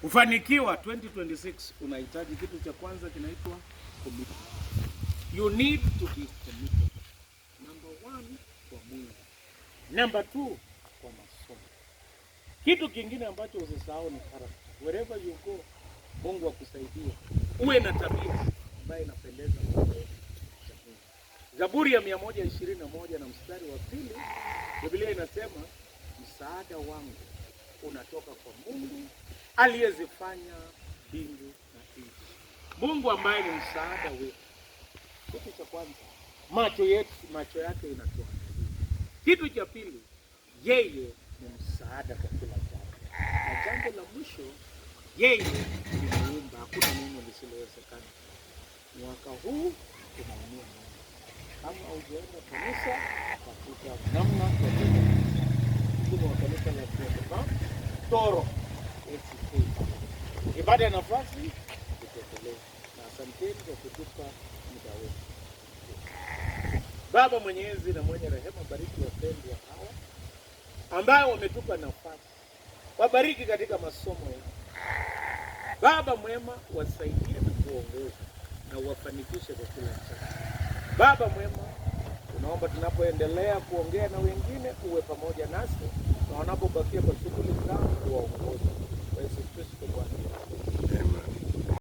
Kufanikiwa 2026 unahitaji kitu cha kwanza kinaitwa commitment. You need to be committed. Number one, kwa Mungu. Number two, kwa masomo. Kitu kingine ambacho usisahau ni character. Wherever you go, Mungu akusaidie. Uwe na tabia ambayo inapendeza Mungu. Zaburi ya 121 na mstari wa pili, Biblia inasema msaada wangu unatoka kwa Mungu aliyezifanya mbingu na nchi, Mungu ambaye ni msaada wetu. Kitu cha kwanza, macho yetu, macho yake inatuangalia. Kitu cha pili, yeye ni msaada kwa kila jambo, na jambo la mwisho, yeye ni muumba. Hakuna neno lisilowezekana. Mwaka huu Mungu, kama hujaenda kanisa, tafuta namna kwa kanisa la Toro ibada ya nafasi itaendelea, na asanteni kwa kutupa muda wetu. Baba mwenyezi na mwenye rehema, bariki wapendwa hawa ambao wametupa nafasi, wabariki katika masomo yao. Baba mwema, wasaidie na kuongoza na uwafanikishe kwa kila jambo. Baba mwema, tunaomba tunapoendelea kuongea na wengine, uwe pamoja nasi na